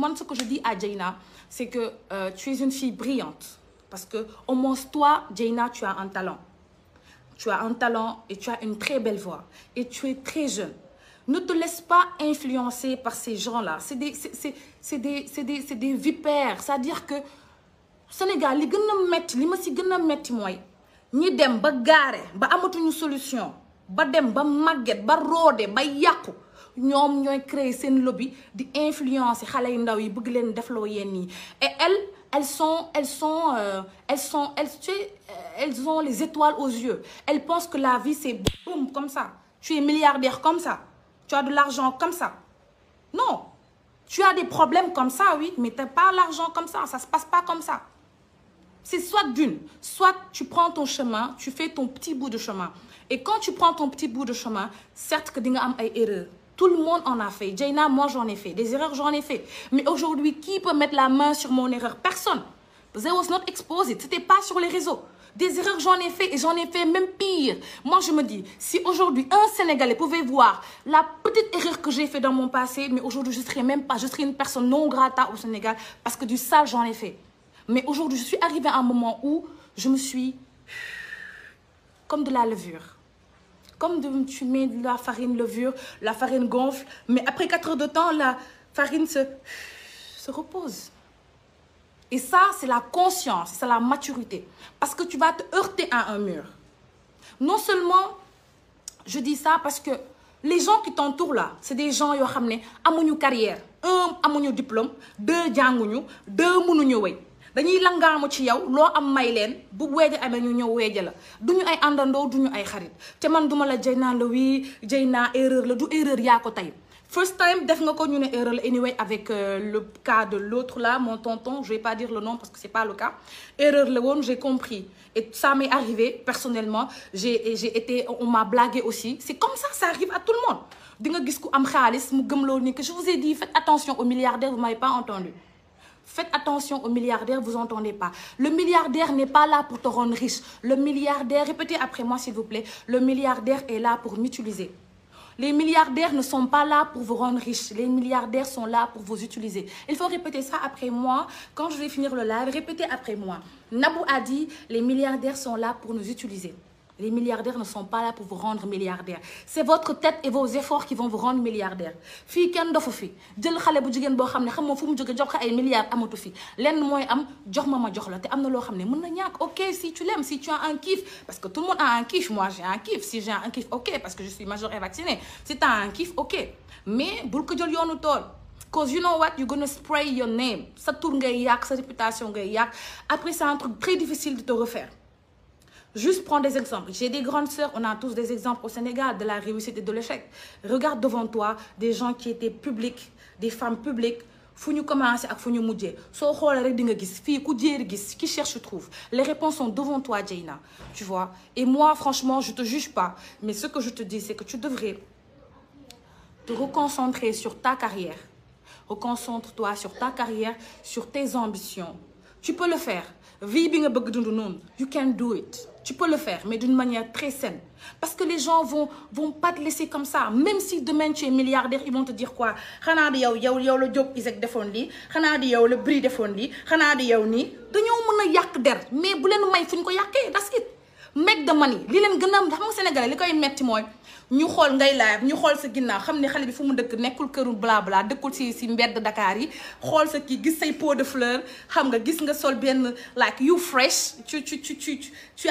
moi, ce que je dis à Jaina, c'est que euh, tu es une fille brillante. Parce que, au moins, toi, Jaina, tu as un talent. Tu as un talent et tu une très belle voix. Et tu es très jeune. Ne te laisse pas influencer par ces gens-là. C'est des, c'est, des, des, des, vipères. C'est-à-dire que, Sénégal, li les gens mettent, les gens moi, ñi dem ba gaare ba amatuñu solution ba dem ba màgget ba roode ba yàqu ñoom ñooy créer seen lobby di influencer xale yu ndaw yi bëgg leen defloo yenn yi et elles elles sont elles sont euh, elles sont elles elles ont les étoiles aux yeux elles pensent que la vie c'est boum comme ça tu es milliardaire comme ça tu as de l'argent comme ça non tu as des problèmes comme ça oui mais t'as pas l'argent comme ça ça se passe pas comme ça c'est soit d'une soit tu prends ton chemin tu fais ton petit bout de chemin et quand tu prends ton petit bout de chemin certes que di nga am ay erreurs Tout le monde en a fait. Jaina, moi j'en ai fait. Des erreurs, j'en ai fait. Mais aujourd'hui, qui peut mettre la main sur mon erreur Personne. There was not exposed. C'était pas sur les réseaux. Des erreurs, j'en ai fait et j'en ai fait même pire. Moi, je me dis, si aujourd'hui un Sénégalais pouvait voir la petite erreur que j'ai faite dans mon passé, mais aujourd'hui, je serais même pas, je serais une personne non grata au Sénégal parce que du sale, j'en ai fait. Mais aujourd'hui, je suis arrivée à un moment où je me suis comme de la levure. comme tu mets de la farine levure, la farine gonfle, mais après 4 heures de temps, la farine se, se repose. Et ça, c'est la conscience, c'est la maturité. Parce que tu vas te heurter à un mur. Non seulement, je dis ça parce que les gens qui t'entourent là, c'est des gens qui ont une carrière. Un, un diplôme. Deux, deux, deux, deux, dañuy langaamu ci yow loo am may leen bu weeja amee ñu ñëw weeja la du ñu ay àndandoo duñu ay xarit te man duma la jëy naa la wii jëy naa erreur la du erreur yaa ko tey first time def nga ko ñu ne erreur la anyway avec euh, le cas de l'autre là mon tonton je vais pas dire le nom parce que c'est pas le cas erreur la woon j'ai compris et ça m'est arrivé personnellement j'ai été on m'a blagué aussi c'est comme ça ça arrive à tout le monde di nga gis ku am xaalis mu gëmloo ni que je vous ai dit faites attention aux Faites attention aux milliardaires, vous entendez pas. Le milliardaire n'est pas là pour te rendre riche. Le milliardaire, répétez après moi s'il vous plaît, le milliardaire est là pour m'utiliser. Les milliardaires ne sont pas là pour vous rendre riche. Les milliardaires sont là pour vous utiliser. Il faut répéter ça après moi. Quand je vais finir le live, répétez après moi. Nabou a dit, les milliardaires sont là pour nous utiliser. Les milliardaires ne sont pas là pour vous rendre milliardaire. C'est votre tête et vos efforts qui vont vous rendre milliardaire. Fii kenn dofu fi jël xale bu jigéen boo xam ne xam moom fu mu jóge jox ko ay milliards amatu fi lenn mooy am jox ma ma jox la te am na loo xam ne mën na ñàkk ok si tu l'aimes si tu as un kiff parce que tout le monde a un kiff moi j'ai un kiff si j'ai un kiff ok tu as un mais bul ko jël yoonu tool cause you know what you gonna spray your yàq sa réputation ngay yàq après c'est un truc très difficile Juste prendre des exemples. J'ai des grandes sœurs, on a tous des exemples au Sénégal de la réussite et de l'échec. Regarde devant toi des gens qui étaient publics, des femmes publiques, fu ñu commencé ak fu ñu mujjee soo xoolee rek di nga gis fii ku jéer gis qui cherche trouve les réponses sont devant toi Dieyna tu vois et moi franchement je te juge pas mais ce que je te dis c'est que tu devrais te reconcentrer sur ta carrière reconcentre-toi sur ta carrière sur tes ambitions tu bi nga bëgg dund noonu tu peux le faire, mais d'une manière très saine. Parce que les gens vont, vont pas te laisser comme ça. Même si demain tu es milliardaire, ils vont te dire quoi Xanaa di yow yow yow la job Isaac defoon lii xanaa di yow la Bri defoon lii xanaa di yow nii dañoo mën a yàq der mais bu leen may fu ñu ko yàqee that's it make the money li leen gën a xam nga sénégalais li koy metti mooy ñu xool ngay live ñu xool sa ginnaaw xam ne xale bi fu mu dëkk nekkul këru bla bla dëkkul si si mbedd ndakaar yi xool sa kii gis say pot de fleur xam nga gis nga sol benn like you fresh tu tu tu tu tu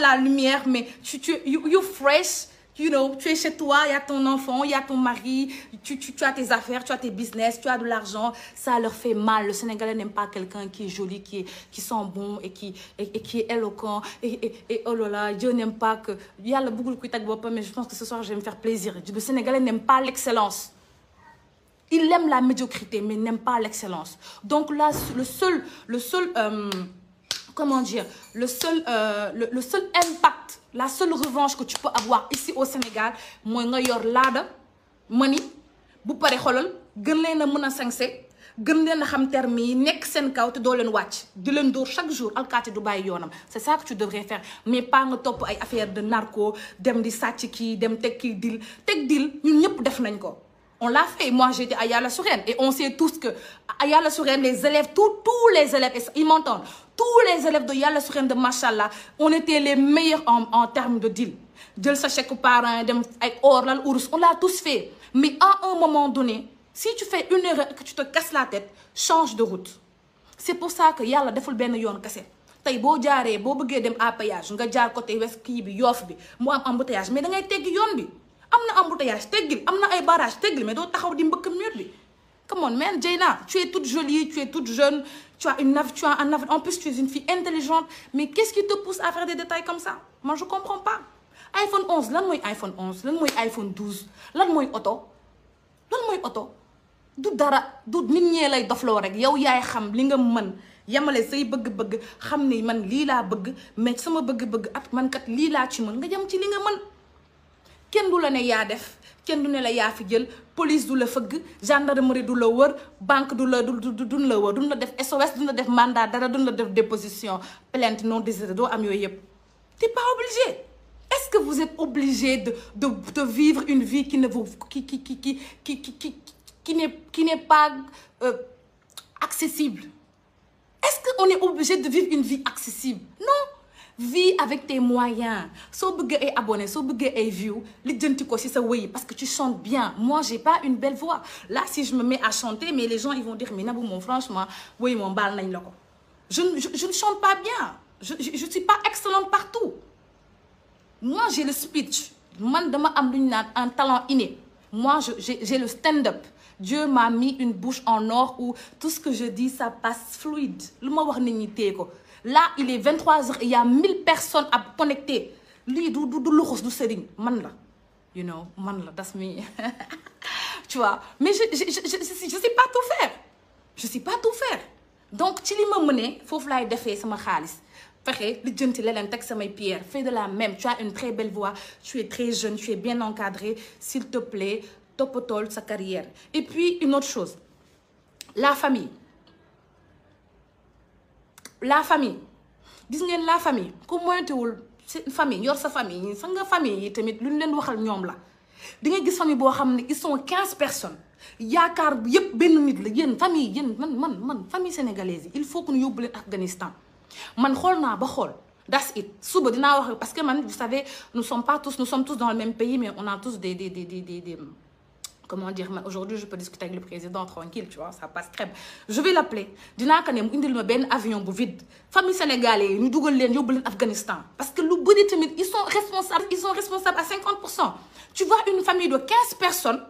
la lumière mais tu tu you fresh you know, tu es chez toi, il y a ton enfant, il y a ton mari, tu, tu, tu, as tes affaires, tu as tes business, tu as de l'argent. Ça leur fait mal. Le Sénégalais n'aime pas quelqu'un qui est joli, qui, est, qui sent bon et qui, et, et qui est éloquent. Et, et, et oh là là, Dieu n'aime pas que... Il y a le beaucoup de mais je pense que ce soir, je vais me faire plaisir. Le Sénégalais n'aime pas l'excellence. Il aime la médiocrité, mais n'aime pas l'excellence. Donc là, le seul... Le seul euh, comment dire, le seul, euh, le, le, impact, la seule revanche que tu peux avoir ici au Sénégal, moi, nga yor laada, ni bu paree xolal, gën leena a sansé, gën leena xam terme yi nekk seen kaw té do leen wacc, di leen door chaque jour alkati du bay yonam. C'est ça que tu devrais faire, mais pas nga topp ay affaire de narco, dem di sàcc kii dem tek ki deal, tek deal ñun ñëpp def nañ ko. on l'a fait moi j'étais à Yala Sourène et on sait tous que à Yala Sourène les élèves tous tous les élèves ils m'entendent tous les élèves de Yala Sourène de Machallah on était les meilleurs en en termes de deal jël sa chèque parrain dem ay or lal ours on l'a tous fait mais à un moment donné si tu fais une erreur que tu te casses la tête change de route c'est pour ça que yàlla deful benn yoon kese tey boo jaaree boo bëggee dem à péage nga jaar côté west kii bi yoof bi mu am mais da ngay teggi yoon bi am na embouteillage teggil am na ay barrage teggil mais doo taxaw di mbëkk mur bi come on man Dieyna tu es toute jolie tu es toute jeune tu as une nav tu as un avenir en plus tu es une fille intelligente mais qu'est-ce qui te pousse à faire des détails comme ça moi je comprends pas iPhone 11 lan mooy iPhone 11 lan mooy iPhone 12 lan mooy oto lan mooy oto du dara du nit ñee lay dofloo rek yow yaay xam li nga mën yamale say bëgg-bëgg xam ni man lii laa bëgg mais sama bëgg-bëgg at man kat lii laa ci mën nga jëm ci li nga mën kenn du la ne yaa def kenn du ne la yaa fi jël police du la fëgg gendarmerie du la wër banque du la du duñ la wër duñ la def SOS duñ la def mandat dara duñ la def déposition plainte non désirée doo am yooyu yëpp t'es pas obligé est-ce que vous êtes obligé de de de vivre une vie qui ne vous qui qui qui qui qui qui qui qui n'est qui n'est pas euh, accessible est-ce que on est obligé de vivre une vie accessible vis avec tes moyens soo bëggee ay abonné soo bëggee ay view lijjanti ko si sa wëy parce que tu chantes bien moi j'ai pas une belle voix là si je me mets à chanter mais les gens ils vont dire mais Nabou franchement wëy moom baal nañ la ko je je ne chante pas bien je je, je suis pas excellente partout moi j'ai le speech man dama am lu ñu naan un talent inné moi je j'ai, le stand-up Dieu m'a mis une bouche en or où tout ce que je dis ça passe fluide lu ma wax nit ñi téye ko là il est 23h il y a 1000 personnes à connecter lii du du du luxus du sëriñ man la you know man la that's me tu vois mais je je je je sais pas tout faire je sais pas tout faire donc ci li ma mënee foofu laay defee sama xaalis. fexe li jënti leneen teg samay pierre fais de la même tu as une très belle voix tu es très jeune tu es bien encadré s'il te plaît toppatool sa carrière et puis une autre chose la famille la famille gis ngeen la famille ku moytuwul seen famille yor sa famille ñi sa nga famille yi tamit lu ñu leen waxal ñoom la di nga gis famille boo xam ne ils sont quinze personnes yaakaar yépp benn nit la yéen famille yéen man man man famille sénégalaise yi il faut que ñu yóbbu leen Afghanistan man xool naa ba xool das it suba dinaa wax parce que man vous savez nous sommes pas tous nous sommes tous dans le même pays mais on a tous des des des des des comment dire man aujourd'hui je peux discuter avec le président tranquille tu vois ça passe crème je vais l'appeler dinaa ko ne mu indil ma benn avion bu vide famille sénégalais yi ñu dugal leen yóbbu leen Afghanistan parce que lu bëri tamit ils sont responsables ils sont responsables à 50 pour cent tu vois une famille de 15 personnes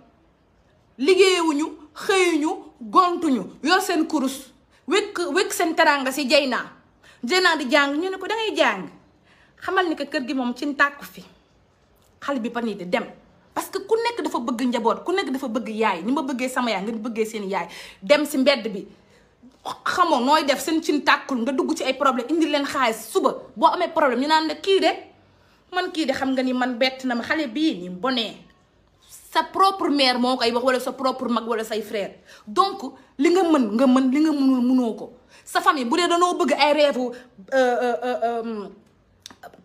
liggéeyewuñu xëyuñu gontuñu yor seen kurus wékk wékk seen teraanga si jay naa jay naa di jàng ñu ne ko da ngay jàng xamal ni que kër gi moom ci ntàkku fi xale bi par nii di dem parce que ku nekk dafa bëgg njaboot ku nekk dafa bëgg yaay ni ma bëggee sama yaay nga bëggee seen yaay dem si mbedd bi xamoo nooy def seen cin tàkkul nga dugg ci ay problème indi leen xaalis suba boo amee problème ñu naan la kii de man kii de xam nga ni man bett na ma xale bii ni bonee sa propre maire moo koy wax wala sa propre mag wala say frère donc li nga mën nga mën li nga mënul mënoo ko sa famille bu dee danoo bëgg ay rêve euh, euh, euh,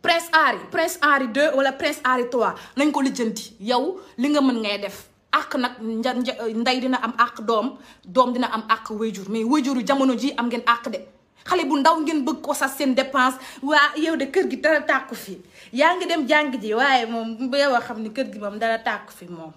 prince Henri prince Henri 2 wala prince Henri 3 nañ ko lijjanti yow li nga mën ngay def àq nag nja ndey dina am àq doom doom dina am àq wéyjur mais wéyjuru jamono ji am ngeen àq de xale bu ndaw ngeen bëgg ko sax seen dépense waa yow de kër gi dara tàkku fi yaa ngi dem jàng ji waaye moom yow a xam ni kër gi moom dara tàkku fi moom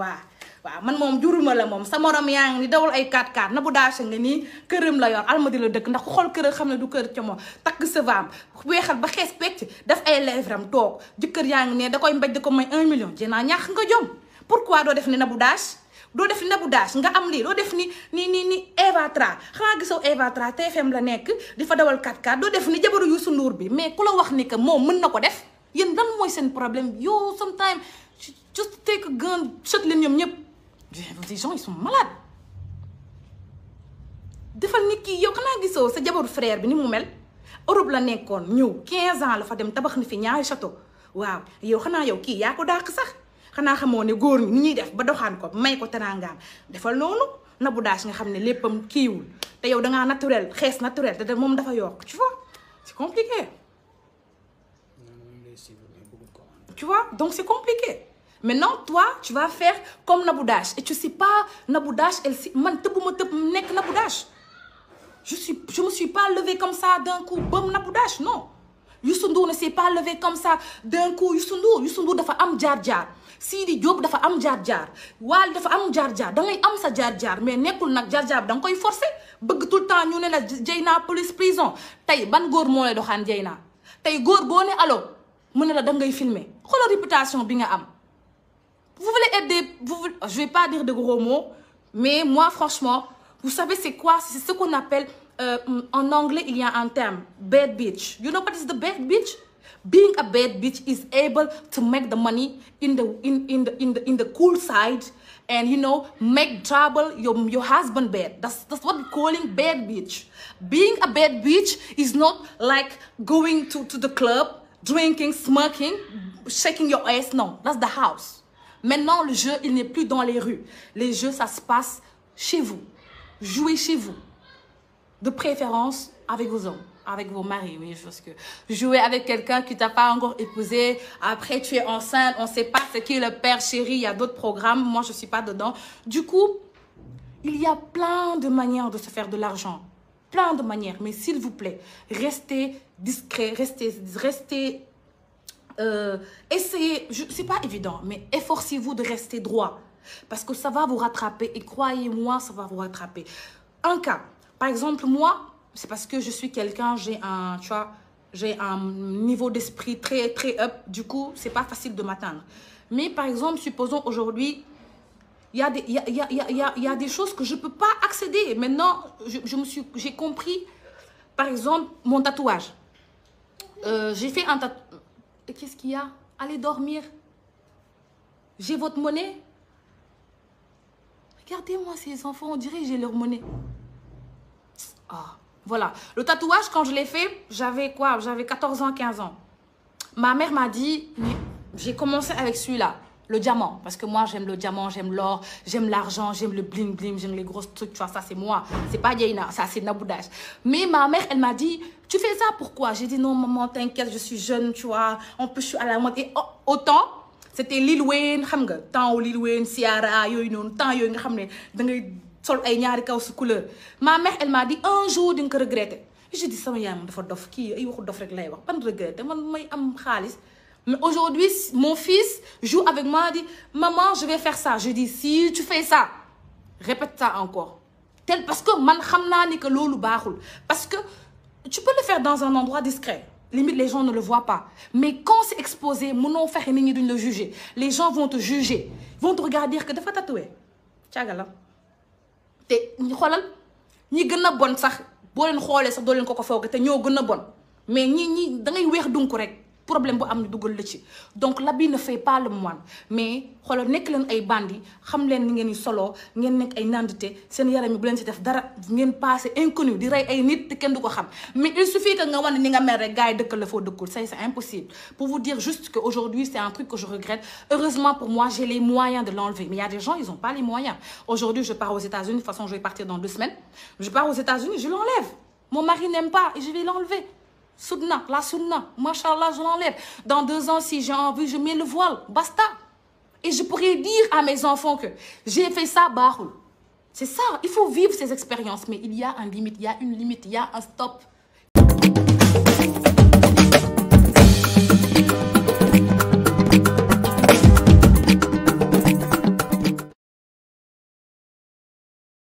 waa waaw man moom juruma la moom sa morom yaa ngi ni dawal ay 4x4 na bu daase nga nii këram la yor di la dëkk ndax ku xool kër xam ne du kër ca moom takk savaam weexal ba xees pecc daf ay lèvre am toog jëkkër yaa ngi ne da koy mbaj ko may 1 million jénaa ñàkk nga jom pourquoi doo def ni na bu daas doo def ni Nabou nga am lii doo ni ni ni ni Eva Tra xanaa gisoo Eva Tra TFM la nekk di fa dawal 4x4 doo def ni jabaru Youssou Ndour bi mais ku wax ni que moom mën na ko def yéen lan mooy seen problème yow sometime just take a gun shot leen ñoom ñëpp des gens ils sont malades defal nit kii yow xanaa gisoo sa jabaru frère bi ni mu mel Europe la nekkoon ñëw 15 ans la fa dem tabax na fi ñaari château waaw yow xanaa yow kii yaa ko dàq sax xanaa xamoo ne góor ñi ni ñuy def ba doxaan ko may ko teraangaam defal noonu Nabou Dash nga xam ne léppam kiiwul te yow dangaa naturel xees naturel te moom dafa yokk tu vois c'est compliqué tu vois donc c'est compliqué maintenant toi tu vas faire comme Nabou Dash et tu sais pas Nabou Dash si man tëbbuma tëb nekk Nabou Dash je suis je me suis pas levée comme ça d'un coup bam Nabou Dash non Youssou Ndour ne s'est pas levé comme ça d'un coup Youssou Ndour Youssou Ndour dafa am jaar-jaar Sidi Diop dafa am jaar-jaar Wally dafa am jaar-jaar da am sa jaar-jaar mais nekkul nag jaar-jaar bi koy forcer bëgg tout le temps ñu ne la Dieyna police prison tey ban góor moo lay doxaan Dieyna tey góor boo ne allo mu ne la da ngay filmer xoolal réputation bi nga am. Vous voulez Vous, dire de gros mots, mais moi, franchement, vous savez c'est quoi? C'est ce qu'on appelle... Euh, anglais, il y a un terme. Bad bitch. You know what is the bad bitch? is able to make the money in the, cool side and you know make trouble your husband bad that's what calling bad bitch being a bad bitch is not like going to the club drinking smoking shaking your ass no that's the house Maintenant, le jeu, il n'est plus dans les rues. Les jeux, ça se passe chez vous. Jouez chez vous. De préférence, avec vos hommes, avec vos maris. Oui, que jouer avec quelqu'un qui t'a pas encore épousé, après tu es enceinte, on sait pas ce qui est le père chéri, il y a d'autres programmes, moi je suis pas dedans. Du coup, il y a plein de manières de se faire de l'argent. mais s'il vous plaît, restez discret, restez euh, essayez, c'est pas évident, mais efforcez-vous de rester droit. Parce que ça va vous rattraper et croyez-moi, ça va vous rattraper. Un cas, par exemple, moi, c'est parce que je suis quelqu'un, j'ai un, tu vois, j'ai un niveau d'esprit très, très up. Du coup, c'est pas facile de m'atteindre. Mais par exemple, supposons aujourd'hui, il y, a des, il, y a, il, y a, il y a des choses que je ne peux pas accéder. Maintenant, j'ai je, je compris, par exemple, mon tatouage. Euh, j'ai fait un tatouage Et qu'est-ce qu'il y a Allez dormir. J'ai votre monnaie. Regardez-moi ces enfants, on dirait que j'ai leur monnaie. Ah, voilà. Le tatouage, quand je l'ai fait, j'avais quoi J'avais 14 ans, 15 ans. Ma mère m'a dit, j'ai commencé avec celui-là. le diamant. Parce que moi, j'aime le diamant, j'aime l'or, j'aime l'argent, j'aime le bling-bling, j'aime les grosses trucs, tu vois, ça c'est moi. C'est pas Yeina, ça c'est Naboudash. Mais ma mère, elle m'a dit, tu fais ça pourquoi J'ai dit, non, maman, t'inquiète, je suis jeune, tu vois, on peut, je suis à la mode. Et autant, c'était Lil Wayne, xam nga, temps où Lil Wayne, Ciara, yooyu noonu, temps yooyu nga xam ne da ngay sol ay ñaari kaw su couleur. Ma mère, elle m'a dit, un jour, di nga ko regretter. Je dis, sama yaay moom dafa dof, kii ay waxu dof rek lay wax, ban regretter, man may am xaalis. Mais aujourd'hui, mon fils joue avec moi, dit « Maman, je vais faire ça. » Je dis « Si tu fais ça, répète ça encore. » Tel parce que man xam naa ni que lolu baaxul parce que tu peux le faire dans un endroit discret. Limite, les gens ne le voient pas. Mais quand c'est exposé, mon faire et de le juger. Les gens vont te juger. Vont te regarder que dafa tatoué. la Te ñi xolal ñi gëna bon sax bo len xolé sax do ko koko fogg té ñoo gëna bon. Mais ñi ñi da ngay wéx dunk rek. problème bu am ñu dugal la ci donc l'habit ne fait pas le moine mais xoolal nekk leen ay bandi xam leen ni ngeen di soloo ngeen nekk ay nandite seen yaram yi bu leen def dara ngeen passé inconnu di rey ay nit te kenn du ko mais il suffit que nga wane ni nga mel rek gars yi dëkk la foo dëkkul ça c'est impossible pour vous dire juste que aujourd'hui c'est un truc que je regrette heureusement pour moi j'ai les moyens de l'enlever mais il des gens ils ont pas sunna la sunna machallah je l'enlève dans deux ans si j'ai envie je mets le voile basta et je pourrais dire à mes enfants que j'ai fait ça baaxul c'est ça il faut vivre ces expériences mais il y a un limite il y a une limite il y a un stop